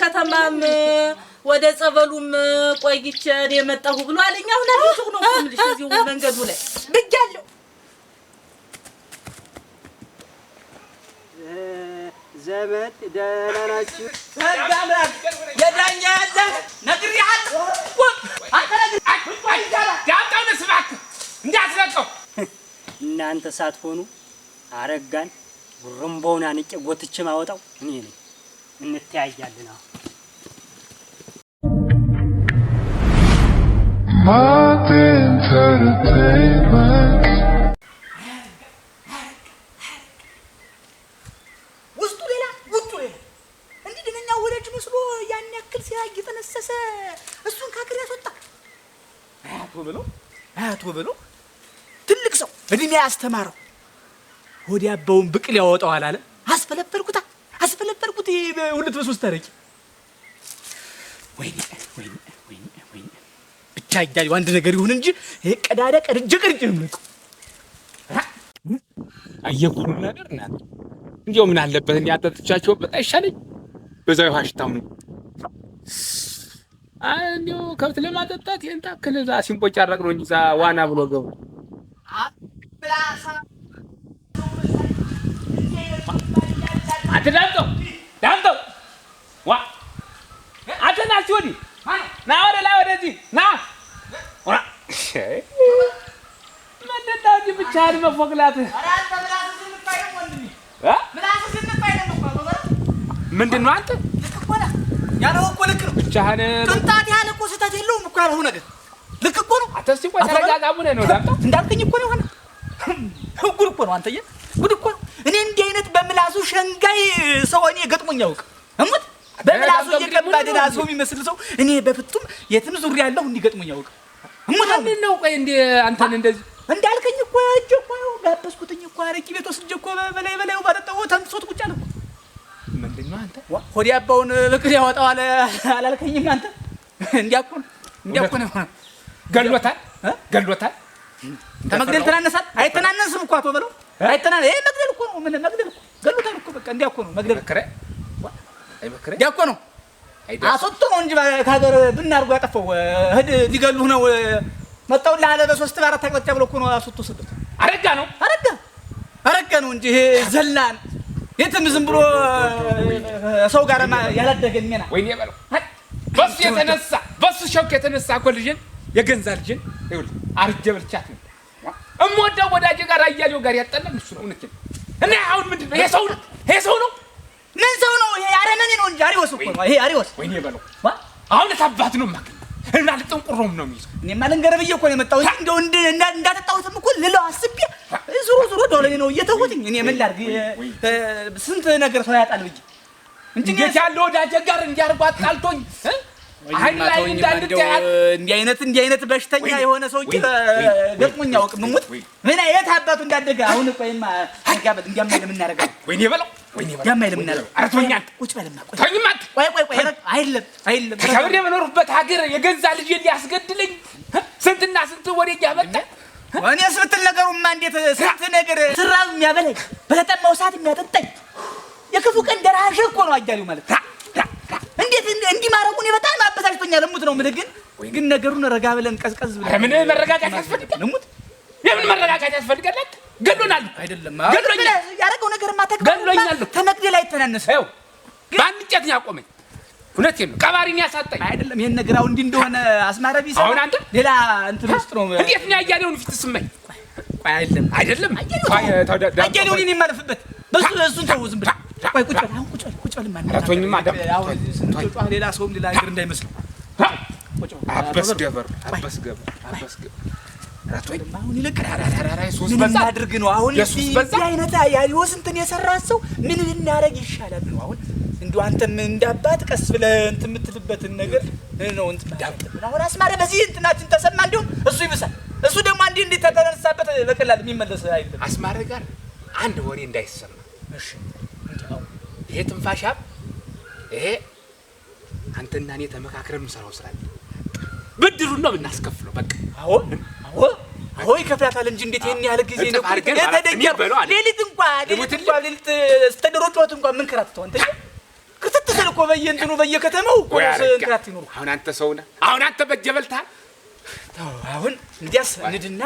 ከተማም ወደ ጸበሉም ቆይቼ የመጣሁ ብሎ አለኝ። አሁን አልኩት ነው የምልሽ እዚሁ መንገዱ ላይ ብያለሁ። ዘመድ ደህና ናችሁ? የዳኛ ያለ ነግሬሃለሁ። እንዳትለቀው እናንተ ሳትሆኑ አረጋን ጉርምቦውን አንቄ ጎትቼ ማወጣው እኔ ነኝ። እንተያያለን። ውስጡ ሌላ ውጡ ሌላ እንዲህ ደነኛ መስሎ ያን ያክል ሲያ እየፈነሰሰ እሱን ከሀገር ያስወጣ አያቶ ብሎ አያቶ ብሎ ትልቅ ሰው እድሜ ያስተማረው ወዲያ አበውን ብቅ ሊያወጣው አላለም። ሁለት በሶስት ታረቂ። ወይኔ ወይኔ ወይኔ ወይኔ ብቻ ይዳል አንድ ነገር ይሁን እንጂ ይሄ ቀዳዳ ቀድጄ ቀድጄ ነው። አየህ ሁሉ ነገር እና እንዲያው ምን አለበት እኔ አጠጥቻቸው በጣም ይሻለኝ። በዛው ውሃ ነው እንዲሁ ከብት ለማጠጣት ይሄን ታክል እዛ አረቅ ነው እንጂ እዛ ዋና ብሎ ገቡ አትዳምጠው ዋ አንተ ና እስኪ ወዲህ ና፣ ወደ ላይ ወደዚህ ና። ምንድን ነው እንጂ ብቻህን ምንድን ነው አንተ ያለው እኮ ልክ ነው። ብቻህን ቅንጣት ያህል እኮ ስህተት የለውም እኮ ነገር ልክ እኮ ነው። አንተ እስኪ ቆይ ተረጋጋሙ ነው እንዳልከኝ እኮ ነው የሆነ ጉድ እኮ ነው። አንተዬ ጉድ እኮ ነው። እኔ እንዲህ አይነት በምላሱ ሸንጋይ ሰው እኔ ገጥሞኝ አውቅ እሙት በምላሱ እየገባ ደህና የሚመስል ሰው እኔ በፍቱም የትም ዙር ያለው እንዲገጥሙኝ ያውቅ ምን ነው። ቆይ እንደ አንተን እንደዚህ እንዳልከኝ እኮ እጄ እኮ ጋበዝኩትኝ እኮ አረቂ ቤት ወስጄ እኮ በላይ በላይ ባጠጣው ተንሶት ቁጭ አለ። ምንድን ነው አንተ ሆዴ አባውን ፍቅር ያወጣው አለ አላልከኝም አንተ? እንዲያኮ እንዲያኮ ነው ገሎታል፣ ገሎታል። ከመግደል ተናነሳል። አይተናነስም እኮ አቶ በለው አይተናነስ። ይሄ መግደል እኮ ነው። ምን መግደል እኮ ገሎታል እኮ በቃ እንዲያኮ ነው መግደል ዲያቆኑ አስወጡ ነው እንጂ ከሀገር ብና ሊገሉህ ነው በሶስት በአራት አቅጣጫ ብሎ እኮ ነው አስወጡ አረጋ ነው አረጋ አረጋ ነው እንጂ ዘላን የትም ዝም ብሎ ሰው ጋር ያላደገ ሚና በለው በሱ የተነሳ በሱ የተነሳ እኮ ልጅን የገንዛ ልጅን አርጀ ብልቻት ነው እምወደው ወዳጅ ጋር አያሌው ጋር እሱ ነው እውነት። አሁን ምንድን ነው ይሄ ሰው ነው ይሄ ሰው ነው ነው እንጂ አሪዎስ እኮ ነው። ይሄ አሪዎስ ወይኔ በለው አሁን ታባት ነው ማክ እና ልጠንቁሮም ነው የሚይዘው። እኔማ ልንገርህ ብዬ እኮ ነው የመጣው እንጂ እንደው እንዳጠጣሁትም እኮ ልለው አስቤ ዙሮ ዙሮ ዶለኔ ነው እየተውትኝ። እኔ ምን ላድርግ? ስንት ነገር ሰው ያጣል ብዬ እንጂ ያለ ወዳጀ ጋር እንዲያርጓት ጣልቶኝ እንዲህ አይነት እንዲህ አይነት በሽተኛ የሆነ ሰው ገጥሞኛ ወቅ ምሙት ምን የት አባቱ እንዳደገ አሁን ቆይማ በኖሩበት ሀገር የገዛ ልጅ ሊያስገድለኝ ስንትና ስንት ወሬ እያመጣ እኔ ስብትል ነገሩማ እንዴት ስንት ነገር ስራብ የሚያበላኝ በተጠማው ሰዓት የሚያጠጣኝ የክፉ ቀን ደራሽ እኮ ነው አያሌው ማለት እንዲህ ማረቁ እኔ በጣም አበሳጭቶኛል። እሙት ነው የምልህ። ግን ወይ ግን ነገሩን ረጋ ብለን ቀዝቀዝ ብለን ምን መረጋጋት ያስፈልጋል? እሙት የምን መረጋጋት ያስፈልጋል? ገሎናል አይደለም ገሎኛል። ያደረገው ነገር ማተግ ገሎኛል። ተመግደል አይተናነስ ያው በአንድ እንጨት ነው ያቆመኝ። እውነቴን ነው። ቀባሪን ያሳጣኝ አይደለም። ይሄን ነገር አሁን እንዲህ እንደሆነ አስማረ ቢሰማ አሁን አንተ ሌላ እንትን ውስጥ ነው። እንዴት ነው ያያሌውን ፊት ስመኝ? አይደለም አይደለም። አያሌውን እኔ የማለፍበት በሱ እሱን ተው ዝም ብለህ ቆይ ቁጭ በል አሁን ቁጭ በል ቁጭ በል ማን አራቶኝማ ደም ስንጮህ ሌላ ሰውም ሌላ ነገር እንዳይመስለው። አበስ ገበር አበስ ገበር አበስ ገበር አራቶኝ አሁን ይለቀራ አራራራ ሶስት ነው አሁን በዚህ አይነት ያሪዎስ እንትን የሰራ ሰው ምን ብናረግ ይሻላል ነው አሁን እንዲሁ አንተም እንዳባት ቀስ ብለህ እንትን የምትልበትን ነገር ነው እንትን ዳብጥብን አሁን አስማረ በዚህ እንትናችን ተሰማ እንዲሁም እሱ ይብሳል እሱ ደግሞ አንዴ እንዴት ተተነሳበት በቀላል የሚመለስ አይደለም። አስማረ ጋር አንድ ወሬ እንዳይሰማ እሺ ይሄ ትንፋሽ ሀብ ይሄ አንተና እኔ ተመካክረን የምሰራው ስራ ብድሩን ነው የምናስከፍለው። በቃ አዎ አዎ አዎ ይከፍላታል እንጂ እንዴት ይሄን ያህል ጊዜ ነው አርገን የተደገፈ ሌሊት እንኳን ሌሊት እንኳን ሌሊት ስተደሮ ጨዋት እንኳን ምን ከራት ተው አንተ ክርትት ስል እኮ በየእንትኑ በየከተማው እኮ እንክራት ይኖሩ። አሁን አንተ ሰው ነህ። አሁን አንተ በጀበልታ አሁን እንግዲያስ ንድና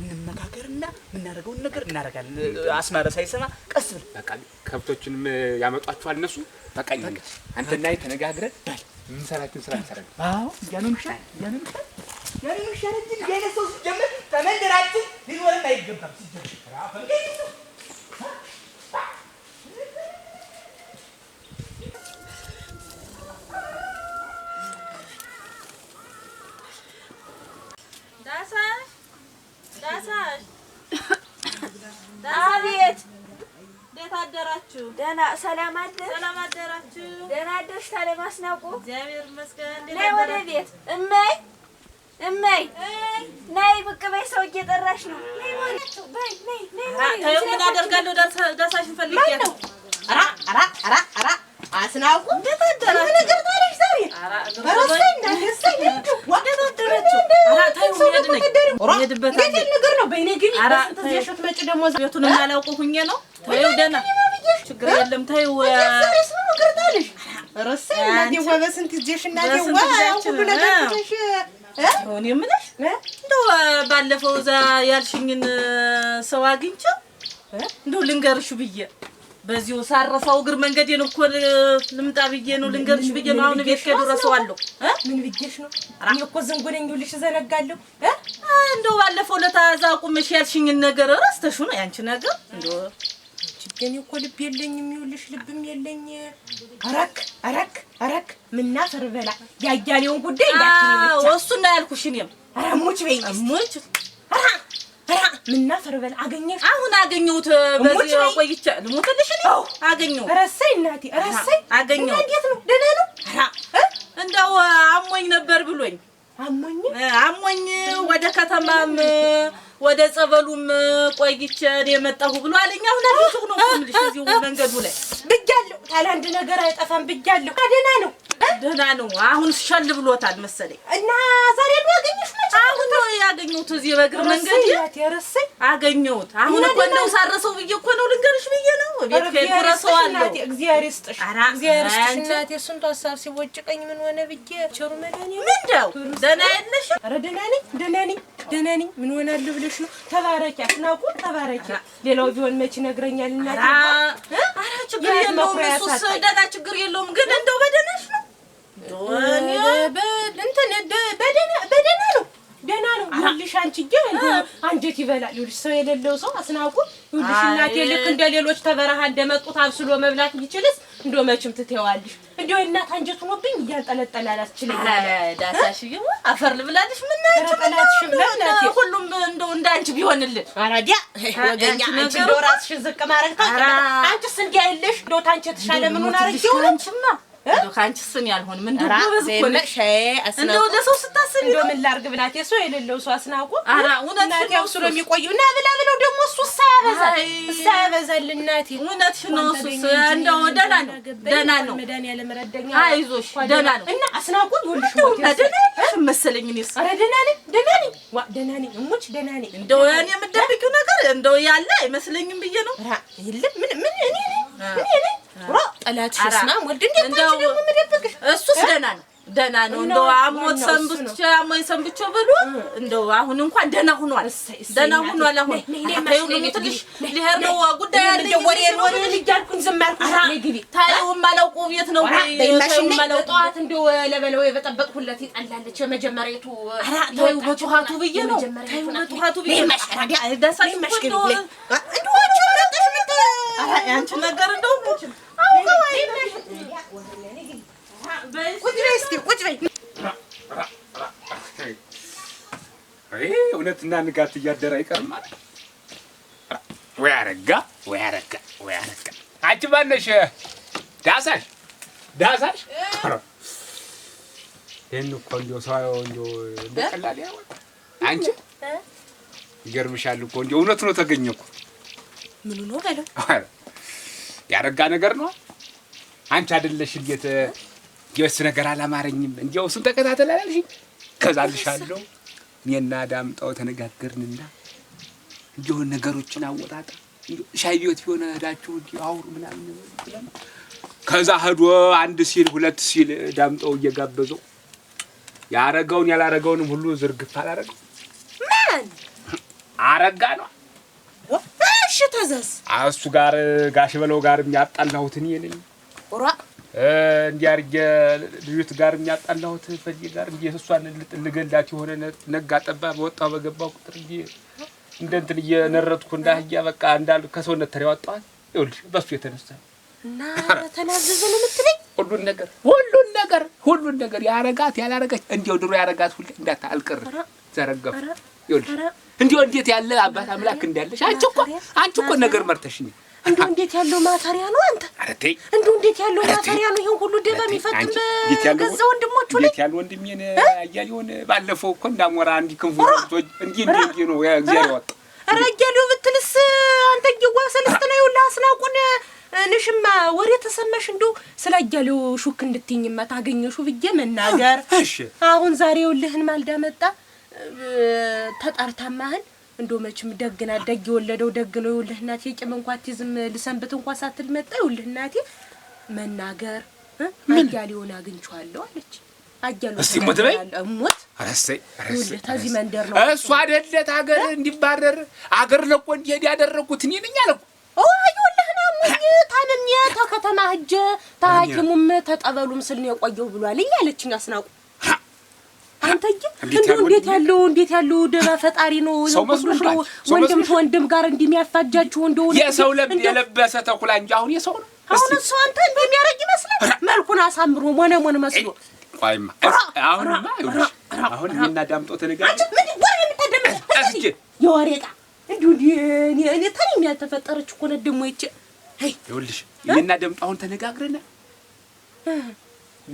እንመካከርና የምናደርገውን ነገር እናደርጋለን። አስማረ ሳይሰማ ቀስ ብለህ በቃ ከብቶችንም ያመጧቸዋል እነሱ በቃ አንተና ተነጋግረን የምንሰራችን ስራ እንሰራለን። አዎ እያንን ሻ ያንን ሻ ያንን ሻ ረጅም የአይነት ሰው ሲጀምር ተመንደራችን አይገባም ሲጀምር ሰላም አደራችሁ። ደህና አደርሽ ታለማስናቁ እግዚአብሔር ይመስገን። ነይ ወደ ቤት እመይ እመይ ነይ ብቅ በይ፣ ሰው እየጠራሽ ነው። ምን አደርጋለሁ ዳሳሽን ፈልጌ ነው። ኧረ ኧረ ኧረ ኧረ አስናቁ ነገር ነው። በእኔ ግን ቤቱን የማላውቀው ሁኜ ነው። ችግር የለም። ተይው እንደው ባለፈው እዛ ያልሽኝን ሰው አግኝቼው እንደው ልንገርሽ ብዬ በዚሁ ሳረሳው እግር መንገዴን እኮ ልምጣ ብዬ ነው። ልንገርሽ ብዬ ነው። አሁን ቤት ከሄዱ እረሳዋለሁ። ምን ብዬሽ ነው? እኔ እኮ ዘንጎለኝልሽ እዘነጋለሁ። እንደው ባለፈው ለታዛ ቁመሽ ያልሽኝን ነገር ነው ያንቺ ነገር ችግኝ እኮ ልብ የለኝም፣ ይኸውልሽ ልብም የለኝ። አረክ አረክ አረክ ምና ፈርበላ ያያሌውን ጉዳይ እሱና ያልኩሽ እኔም ኧረ ሙች በይ ሙች ምና ፈርበላ አገኘሽ። አሁን አገኘሁት በዚህ ቆይቼ ልሞትልሽ ነው አገኘሁት። ረሳኝ እናቴ ረሳኝ አገኘሁት። እንዴት ነው ደህና ነው? እንደው አሞኝ ነበር ብሎኝ አሞኝ ወደ ከተማም ወደ ጸበሉም ቆይቼ የመጣሁ ብሎ አለኝ። አሁን አልኩት ነው የምልሽ እዚሁ መንገዱ ላይ ብያለሁ። አንድ ነገር አይጠፋም ብያለሁ። ደህና ነው ደህና ነው። አሁን ሸል ብሎታል መሰለኝ እና ዛሬ ልዋገኝ አገኘሁት እዚህ በእግር መንገድ ያረሰኝ አገኘሁት። አሁን እኮ እንደው ሳረሰው ብዬ እኮ ነው ልንገርሽ ብዬ ነው ቤት ከሄድኩ እረሳዋለሁ። እግዚአብሔር ይስጥሽ፣ እግዚአብሔር ይስጥሽ እናቴ። እሱን ታሳብ ሲቦጭቀኝ ምን ሆነ ብዬ ቸሩ መድኃኒዓለም ምንደው ደህና የለሽም? ኧረ ደህና ነኝ፣ ደህና ነኝ፣ ደህና ነኝ። ምን ሆናለሁ ብለሽ ነው? ተባረኪ አስናቁ፣ ተባረኪ። ሌላው ቢሆን መች ይነግረኛል እናቴ። ኧረ ችግር የለውም እሱስ ደህና ችግር የለውም። ግን እንደው በደህናሽ ነው እንትን በደህና ደህና ነው ይኸውልሽ፣ አንቺዬ አንጀት ይበላል። ይኸውልሽ ሰው የሌለው ሰው አስናቁ። ይኸውልሽ እናቴ ልክ እንደ ሌሎች ተበረሃ እንደመጡት አብስሎ መብላት ቢችልስ እንደው መቼም ትተዋልሽ። እንደው የእናት አንጀት ሆኖብኝ እያንጠለጠለ አላስችልም። ዳሳሽዬ አፈር ልብላለሽ። ምናችሁ ሁሉም እንደው እንዳንቺ ቢሆንልን ከአንቺ ስም ያልሆንም እንደው ጎበዝ እኮ እንደው ለሰው ስታስቢ ነው። ምን ላድርግ ብላት የሱ የሌለው ሰው አስናቁ ነው እውነት ስለሚቆዩ እና ብላ ብለው ደግሞ እሱ ሳያበዛ ሳያበዛል እናቴ እውነትሽን ነው። እሱ እንደው ደህና ነው፣ ደህና ነው። መድኃኒዓለም ረዳኛ። አይዞሽ ደህና ነው። እና አስናቁን ሁልሽ መሰለኝ እኔስ። ኧረ ደህና ነኝ፣ ደህና ነኝ፣ ዋ ደህና ነኝ፣ እሙች ደህና ነኝ። እንደው ያን የምትደብቂው ነገር እንደው ያለ አይመስለኝም ብዬ ነው። ኧረ የለም ምን ምን እኔ ደና ደህና ነው እንደው አሞት ሰንብቼ አሞኝ ሰንብቼ ብሎ እንደው አሁን እንኳን ደህና ሆኗል፣ ደህና ሆኗል። አሁን ትንሽ ልሄድ ነው ጉዳይ አለ። ታየውም አላውቀው ቤት ነው ጠዋት እንደው ለበለው የበጠበጥኩለት ይጠላለች የመጀመሪያቱ በጠዋቱ ብዬሽ ነው ያንቺን ነገር እውነትና ንጋት እያደረ አይቀርም። ወይ አረጋ ወይ አረጋ ወይ አረጋ። አንቺ ማነሽ? ዳሳሽ ዳሳሽ። ይህን እኮ እንደው ሰው እንደው እንደው ቀላል ያወጣል። አንቺ ይገርምሻል እኮ እንደው እውነት ነው ተገኘ እኮ ምኑ ነው በለው። ያረጋ ነገር ነው። አንቺ አይደለሽ እንዴት የእሱ ነገር አላማረኝም። እንዲያው እሱን ተከታተል አላልሽ? ከዛ ልሻለሁ እኔና ዳምጣው ተነጋገርንና እንዲሁ ነገሮችን አወጣጣ ሻይ ቤት የሆነ አውሩ ምናምን ብለን ከዛ ህዶ አንድ ሲል ሁለት ሲል ዳምጠው እየጋበዘው ያረገውን ያላረገውንም ሁሉ ዝርግፍ አላረገው ማን አረጋ ነው ተዛዝ እሱ ጋር ጋሽ በለው ጋር የሚያጣላሁት እኔ ነኝ። ቁራ እንዲህ አድርጌ ልጅት ጋር የሚያጣላሁት ፈጂ ጋር እንዲህ እሷን ልገላት የሆነ ነጋ ጠባ በወጣሁ በገባው ቁጥር እንዲህ እንደ እንትን እየነረጥኩ እንዳህያ በቃ እንዳል ከሰውነት ተሪ ወጣዋል። ይኸውልሽ በሱ የተነሳ እና ተናዘዘ ነው የምትለኝ? ሁሉን ነገር ሁሉን ነገር ሁሉን ነገር ያረጋት ያላረጋች እንዲያው ድሮ ያረጋት ሁሌ እንዳታ አልቀርም ዘረጋሁ። ይኸውልሽ እንዲሁ እንዴት ያለ አባት አምላክ እንዳለሽ አንቺ እኮ አንቺ እኮ ነገር መርተሽኝ እንዲሁ እንዴት ያለው ማተሪያ ነው አንተ! አረቴ ተይ! እንዲሁ እንዴት ያለው ማተሪያ ነው ይሄን ሁሉ ደባ የሚፈጥም በገዛ ወንድሞቹ ላይ ያለው ወንድሜ አያሌውን ባለፈው እኮ እንዳሞራ እንዲህ ክንፉ ወጥቶኝ እንዲህ እንዲህ እንዲህ ነው እግዚአብሔር ወጣ። ኧረ ብትልስ አንተ ይጓ ሰለስተ ነው ያለው አስናቁን ንሽማ ወሬ ተሰማሽ። እንዲሁ ስለ አያሌው ሹክ እንድትይኝማ ታገኘሹ ብዬ መናገር። እሺ አሁን ዛሬው ልህን ማልዳ መጣ ተጣርታማህል እንዶ መችም ደግና ደግ የወለደው ደግ ነው። ይኸውልህ እናቴ ቂም እንኳ አትይዝም። ልሰንብት እንኳ ሳትል መጣ። ይኸውልህ እናቴ መናገር አያሌውን አግኝቼዋለሁ አለች። አያሌው እስቲ ሞት በይ ሞት አረሰይ አረሰይ ታዚ መንደር ነው እሱ አይደለት አገር እንዲባረር አገር ለቆ እንዲሄድ ያደረኩት እኔ ነኝ አለኩ። ኦ ሙኝ ታንም ተከተማ ህጀ ተሐኪሙም ተጠበሉም ስል ነው የቆየው ብሏል አለችኝ አስናቁ አንተዬ እንደው እንዴት ያለው እንዴት ያለው ደባ ፈጣሪ ነው። ወንድም ከወንድም ጋር እንደሚያፋጃችሁ እንደው የሰው የለበሰ ተኩላ እንጂ አሁን የሰው ነው። አሁን እሱ አንተ እንደሚያረግ ይመስላል መልኩን አሳምሮ ሞነ ሞን መስሎ አሁን ምን አዳምጦ ተነጋግረን የወሬ ዕቃ እንዲሁ እኔ ተኔም ያልተፈጠረች እኮ ነው። ደግሞ ይቼ ይኸውልሽ ይህና ደምጦ አሁን ተነጋግረናል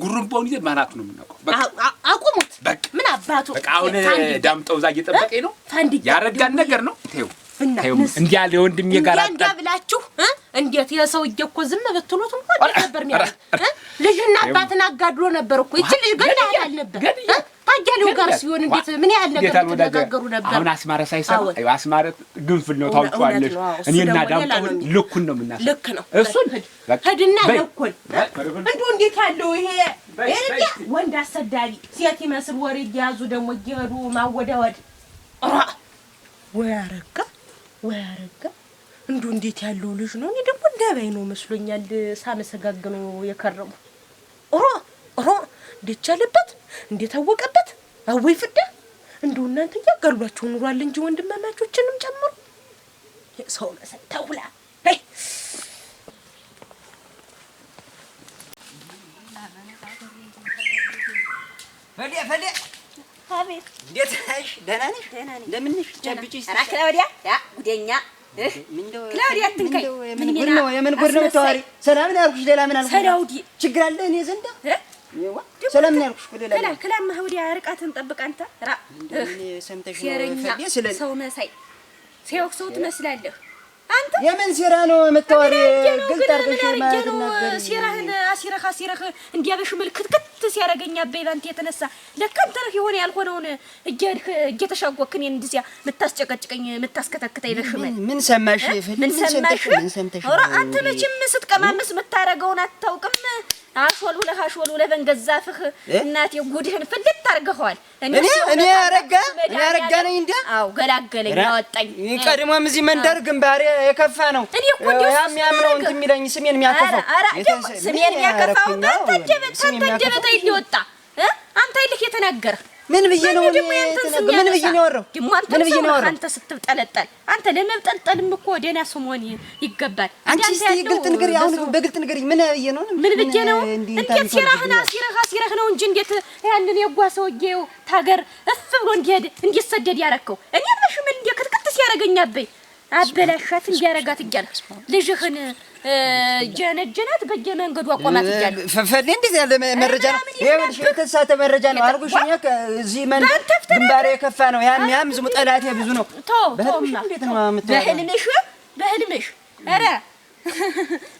ጉርምባውን ይዘን ማናቱ ነው የምናውቀው። አቁሙት። በቃ ምን አባቱ በቃ አሁን ዳምጠው እዛ እየጠበቀኝ ነው። ያረጋን ነገር ነው። ተይው እንዲያ ለወንድሜ ጋር እንዲያ ብላችሁ እንዴት የሰውዬ እኮ ዝም ብትሉት እንኳን ነበር የሚያደርግ? ልጅና አባትን አጋድሎ ነበር እኮ ልጅ ያህል ነበር ጋር ሲሆን እንዴት ምን ያህል ነገር ተነጋገሩ ነበር። አሁን አስማረ አስማረ ግንፍል ነው ልኩን ነው ልክ ነው እሱን ሂድና እንዴት ያለው ይሄ ወንድ ሴት ይመስል ወሬ እየያዙ ደግሞ እየሄዱ ማወዳወድ ወይ አረጋ እንዱ እንዴት ያለው ልጅ ነው! እኔ ደግሞ እንዳባይ ነው መስሎኛል ሳመሰጋግ ነው የከረሙ ሮ ሮ እንዴት ቻለበት? እንዴት አወቀበት? አወይ ፍዳ! እንዱ እናንተ እያጋሏቸው ኑሯል እንጂ ወንድማማቾችንም ጨምሩ ሰው መሰል ተውላ ፈሌ ፈሌ አቤት፣ እንዴት ነሽ? ደህና ነሽ? እንደምን ነሽ? ጨብጭሽ ኧረ ክላውዲያ፣ ያ ጉደኛ ክላውዲያ፣ አትንካኝ። ምን ጉድ ነው? የምን ጉድ ነው የምታወሪ? ሰላም ነው ያልኩሽ፣ ሌላ ምን አልኩሽ? ክላውዲ፣ ችግር አለ እኔ ዘንዳ? ሰላም ነው ያልኩሽ እኮ ሌላ ምን አልኩሽ? ክላማ ርቃትን ጠብቅ አንተ። ኧረ ሰምተሽ ነው ፈዴ ስለዚህ ሰው መሳይ ሲያውቅ ሰው ትመስላለህ የምን ሴራ ነው የምታወሪ? ግልጥ አድርገሽ ማለት ነበር። ሴራህን አሲረህ አሲረህ እንዲያበሽ ምልክትክት ሲያደርገኝ አበይ ባንተ የተነሳ ለካ አንተ ነህ የሆነ ያልሆነውን እየተሻጎክ እኔን እንደዚያ የምታስጨቀጭቀኝ የምታስከተክተኝ በሽመል ምን ሰማሽ? ምን ሰማሽ? ኧረ አንተ መቼም ስትቀማምስ የምታደርገውን አታውቅም። አሾል ሁለህ አሾል ሁለህ በእንገዛፍህ እናቴ ጉድህን ፍልት አድርገኸዋል። እኔ እኔ ያረጋ እኔ ያረጋ ነኝ እንዴ? አዎ ገላገለኝ፣ አወጣኝ። ቀድሞም እዚህ መንደር ግንባሬ የከፋ ነው። እኔ እኮ እንዲሁ የሚያምረው እንትን የሚለኝ ስሜን የሚያከፋው ስሜን የሚያከፋው ይወጣ አንተ ይልህ የተናገረ ምን ብዬ ነው ምን ብዬ ነው ወረው ምን ብዬ ነው ወረው አንተ ስትብጠለጠል አንተ ለመብጠልጠልም እኮ ደህና ስሞን ይገባል። አንቺ እስኪ ግልጥ ንገሪ፣ አሁን በግልጥ ንገሪ። ምን ብዬ ነው ምን ብዬ ነው? እንዴት ሲራህና ሲራህ ሲራህ ነው እንጂ እንዴት ያንን የጓ ሰውዬው ታገር እፍ ብሎ እንዲሄድ እንዲሰደድ ያረከው እኔ ምንም እንዴ ክትክት ሲያረገኛበኝ አበላሻት እንዲያረጋት እያልክ ልጅህን ጀነጀናት በየመንገዱ አቋማት እያልክ ፈፈል እንደዚህ ያለ መረጃ ነው። ይኸውልሽ የተሳተ መረጃ ነው። አርጉሽ እኛ ከዚህ መንደር ግንባሬ የከፋ ነው። ያም ያም ዝሙ ጠላቴ ብዙ ነው። በህልምሽ በህልምሽ ኧረ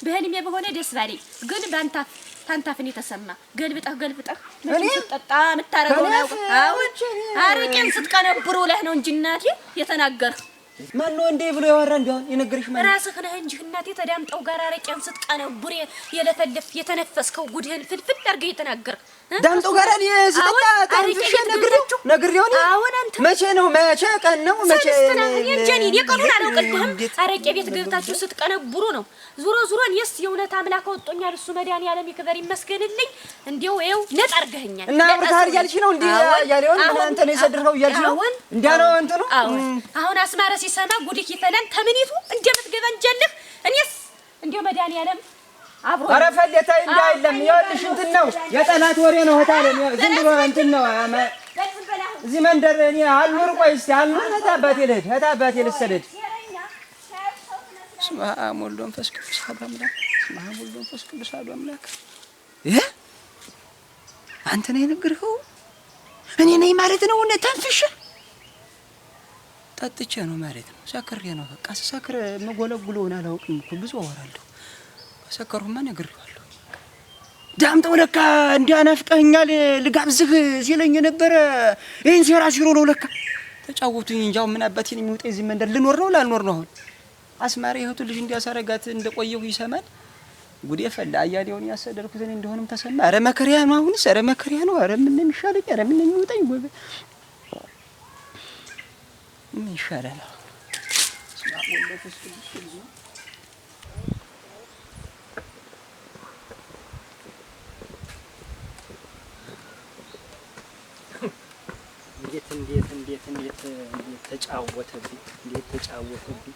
በህልሜ በሆነ ደስ ባለኝ፣ ግን ባንታ ታንታፍን የተሰማ ገልብጠህ ገልብጠህ ጠጣ የምታረገው አሁን አርቄን ስትቀነብሩ ለህ ነው እንጂ እናቴ የተናገርኩ ማን ነው እንዴ ብሎ ያወራ? እንዲያው የነገርሽ ማን ራስህ ነህ እንጂ እናቴ። ተዳምጠው ጋር አረቄን ስትቀነው ቡሬ የለፈለፍ የተነፈስከው ጉድህን ፍልፍል አድርገህ የተናገርክ ዳምጦ ጋር እኔ ስጠጣ ጠንፍሼ ነግሬው ነግሬው መቼ ነው መቼ ቀን ነው መቼ የቀኑን አላውቅልህም። አረቄ ቤት ገብታችሁ ስትቀነብሩ ነው። ዙሮ ዙሮ እኔስ የእውነት አምላክ ወጦኛል። እሱ መድኃኒዓለም ይክበር ይመስገንልኝ። እንዲያው ይኸው ነጥ አድርገኸኛል እና አብርተሃል እያልሽ ነው እንዲህ ያሌውን አንተ ነው የሰድርከው እያልሽ ነው እንዲያ ነው እንትኑ አሁን አስማረ ሲሰማ ጉድክ ይፈላል ከምኒቱ እንደምትገባ እንጀልህ እኔስ እንዲያው መድኃኒዓለም ኧረ ፈለታ እንዳይለም ይኸውልሽ፣ እንትን ነው የጠላት ወሬ ነው። እታለም ዝም ብሎ እንትን ነው። እዚህ መንደር እኔ አልኑር። ቆይ እስኪ አልኑር። እህት አባቴ ልሂድ፣ እህት አባቴ ልሰደድ። ስማ ወልድ ወመንፈስ ቅዱስ አሐዱ አምላክ። ስማ ወልድ ወመንፈስ ቅዱስ አሐዱ አምላክ። ይሄ አንተ ነህ የነገርከው እኔ ነኝ ማለት ነው። እነ ተንፍሼ ጠጥቼ ነው ማለት ነው። ሰክሬ ነው በቃ። ስሰክር የምጎለጉለውን አላውቅም እኮ ብዙ አወራለሁ ሰከርሁማ ነግሬዋለሁ። ዳምጠው ለካ እንዳናፍቀኛል ልጋብዝህ ሲለኝ የነበረ ይህን ሴራ ሲሮ ነው ለካ ተጫወቱኝ እንጃው ምን አባቴን የሚወጣ እዚህ መንደር ልኖር ነው ላልኖር ነው? አሁን አስማሪ እህቱ ልጅ እንዲያሳረጋት እንደቆየሁ ይሰማል። ጉዴ ፈላ። አያሌውን ያሰደርኩትን እንደሆንም ተሰማ። አረ መከሪያ ነው አሁንስ፣ አረ መከሪያ ነው። አረ ምን ነው የሚሻለኝ? አረ ምን ወይ ምን ነው ስማ ጎበ ምን ይሻላል? እንዴት እንዴት እንዴት እንዴት እንዴት ተጫወተብኝ፣ እንዴት ተጫወተብኝ፣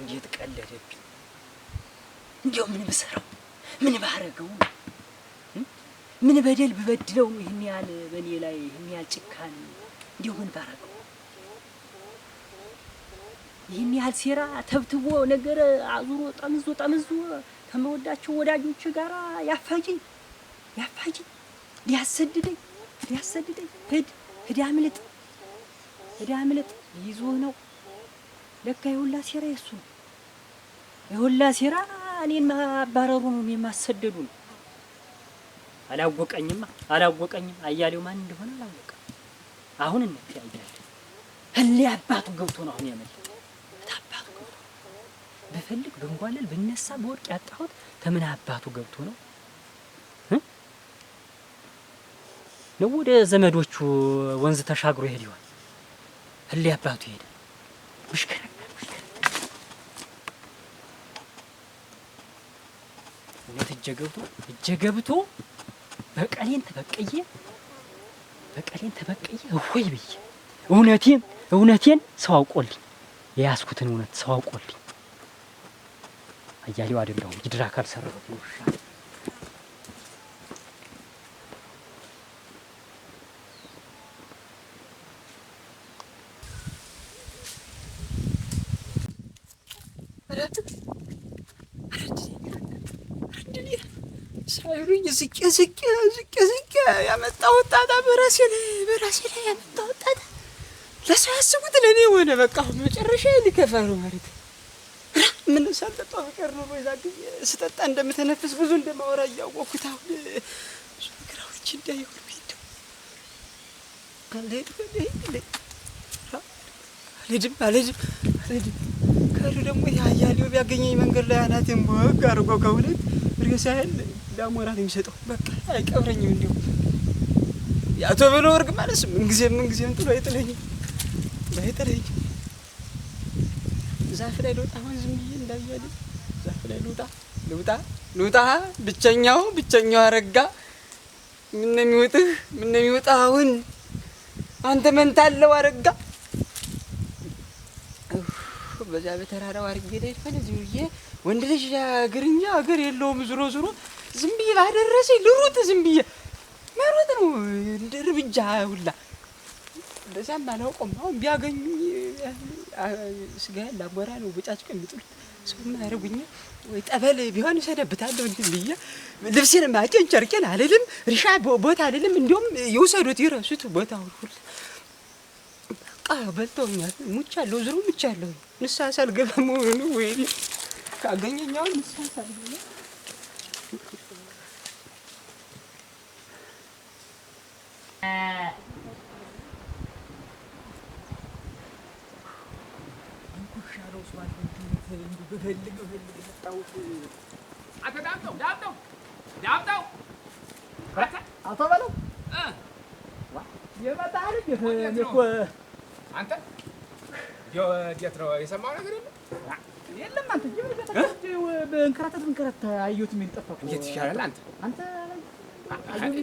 እንዴት ቀለደብኝ። እንዲያው ምን ብሰራው፣ ምን ባረገው፣ ምን በደል ብበድለው ይህን ያህል በእኔ ላይ ይህን ያህል ጭካኔ፣ እንዲያው ምን ባረገው፣ ይህን ያህል ሴራ ተብትቦ ነገር አዙሮ ጠምዞ ጠምዞ ከመወዳቸው ወዳጆች ጋር ያፋጅኝ ያፋጅኝ ሊያሰድደኝ ሊያሰድደኝ ሄድ ሂድ አምልጥ፣ ሂድ አምልጥ፣ ሊይዙህ ነው። ለካ የሁላ ሴራ የሱ ነው። የሁላ ሴራ እኔን ማባረሩ ነው፣ እኔን ነው። አላወቀኝማ፣ አላወቀኝም። አያሌው ማን እንደሆነ አላወቀም። አሁን እንተያያለን። እሌ አባቱ ገብቶ ነው አሁን ያመለጠ አባቱ ገብቶ ብፈልግ ብንጓለል ብነሳ በወርቅ ያጣሁት ከምን አባቱ ገብቶ ነው ነው ወደ ዘመዶቹ ወንዝ ተሻግሮ ይሄድ ይሆን? ህሊ አባቱ ይሄድ ምሽከረ እውነት እጀ ገብቶ እጀ ገብቶ በቀሌን ተበቀየ በቀሌን ተበቀየ እሆይ ብዬ እውነቴን እውነቴን ሰው አውቆልኝ የያዝኩትን እውነት ሰው አውቆልኝ አያሌው አይደለሁም ይድራ ካልሰራሁት ነው። ሳይሉኝ ዝቄ ዝቄ ዝቄ ዝቄ ያመጣሁት ጣጣ በራሴ ላይ በራሴ ላይ ያመጣሁት ጣጣ ለሰው ያስቡት ለእኔ ሆነ። በቃ መጨረሻ ሊከፋ ነው ማለት ምን ሳልጠጣ ፍቅር ነው። በዛ ጊዜ ስጠጣ እንደምተነፍስ ብዙ እንደማወራ እያወቅኩት አሁን ብዙ ነገራዎች እንዳይሆን ቤቱ አልሄድም አልሄድም አልሄድም ካሉ ደግሞ ቢያገኘኝ መንገድ ላይ አናቴን ቦግ አድርጎ ከሁለት ርገሳ ዳሞራት የሚሰጠው በቃ አይቀብረኝም። እንዲሁ የአቶ በሎ ወርቅ ማለት ምንጊዜ ምንጊዜም ጥሎ አይጥለኝም አይጥለኝም። ዛፍ ላይ ልውጣ ወይ ዝም ብዬ እንዳያለ ዛፍ ላይ ልውጣ ልውጣ ልውጣ ብቸኛው ብቸኛው አረጋ ምን የሚውጥህ ምን የሚውጣውን አንተ መንታለው አረጋ በዛ በተራራው አርጌ ላይ ፈለዚህ ብዬ ወንድ ልጅ ግርኛ አገር የለውም ዙሮ ዙሮ ዝም ብዬ ባደረሰኝ ልሩጥ፣ ዝም ብዬ መሮጥ ነው እንደ እርምጃ ሁላ። በዛም አላውቀውም። አሁን ቢያገኙ ስጋ ላሞራ ነው በጫጭቆ የሚጥሉት። ሰውም አያደርጉኝ ወይ ጠበል ቢሆን እሰነብታለሁ። እንትን ብዬ ልብሴን ማቄን ጨርቄን አልልም፣ ሪሻ ቦታ አልልም። እንዲሁም የውሰዱት ይረሱት ቦታ ሁላ በቃ በልተውኛል። ሙቻለሁ፣ ዝሩ ሙቻለሁ። ንስሐ ሳልገባ መሆኑ ወይ ካገኘኛውን ንስሐ ሳልገባ አቶ በለው የመጣህ አንተ እንዴት ነው የሰማው ነገር የለም? የለም አንተ እንከራተት እንከራተት አየሁት የሚል ጠፋህ እኮ ይሻላል አንተ አንተ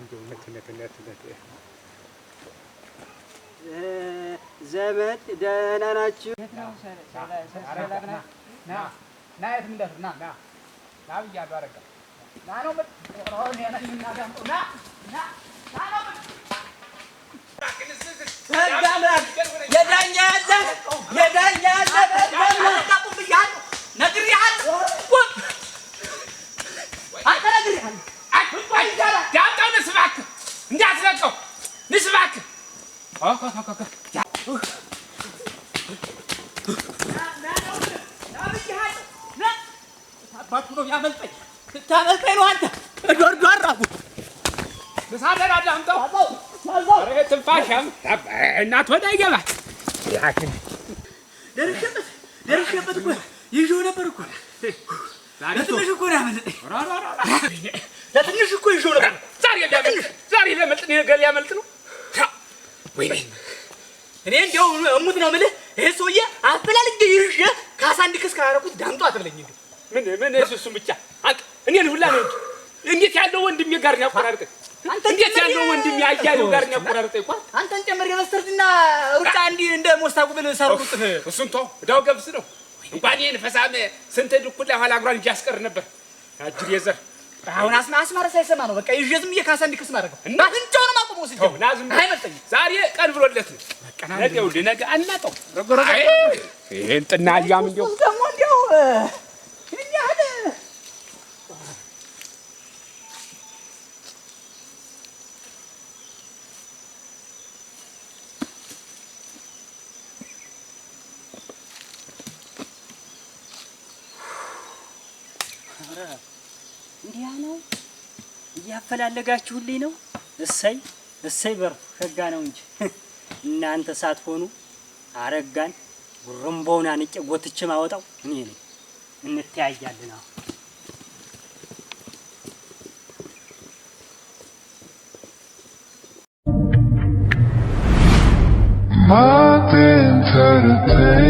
እንደው ነት ነት ነት ነት ዘመድ ደህና ናችሁ? ና ና ና ና ብያለሁ። አረጋ ና ነው የዳኛ ያለ የዳኛ ያለ እንዳትለቀው ንስ እባክህ። እናት ወደ ይገባል። ደርሼበት ደርሼበት እኮ ይዤው ነበር እኮ ለትንሽ እኮ ነው ያመለጠኝ ሊያመልጥ ነው። ወይኔ እኔ እንዲያው እሙት ነው የምልህ። ይሄ ሰውዬ አፈላልጌ ይዤ ካሳ እንድክስ ካረኩት ዳምጦ አትበለኝ። እንዲሁ ምን ምን እሱ እሱም ብቻ አንተ እኔን ሁላ ነው እንጂ እንዴት ያለው ወንድሜ ጋር ነው ያቆራረጠኝ። እንዴት ያለው ወንድሜ አያሌው ጋር ነው ያቆራረጠኝ። እኮ አንተን ጨምሬ በስተርድና ሩጫ እንዲህ እንደ ሞስታ ጉብል ሰርኩት። እሱን ተው እዳው ገብስ ነው እንኳን ይሄን ፈሳም ስንት ድኩላ ኋላ እግሯን እያስቀር ነበር አጅር የዘር አሁን አስማር ሳይሰማ ነው በቃ ይዤ ዝም እየካሳ እንዲክስ ማድረገው እና እንጃውን ማቆም ወስጄ አይመልጠኝም። ዛሬ ቀን ብሎለት ነገ ሁሉ ነገ አናውቀው ይሄን ጥና ያም እንዲያው ያፈላለጋችሁልኝ ነው። እሰይ እሰይ፣ በር ሸጋ ነው እንጂ እናንተ ሳትሆኑ አረጋን ጉርምቦውን አንጨ ጎትች ማወጣው እኔ ነኝ። እንተያያለን አሁን Martin Luther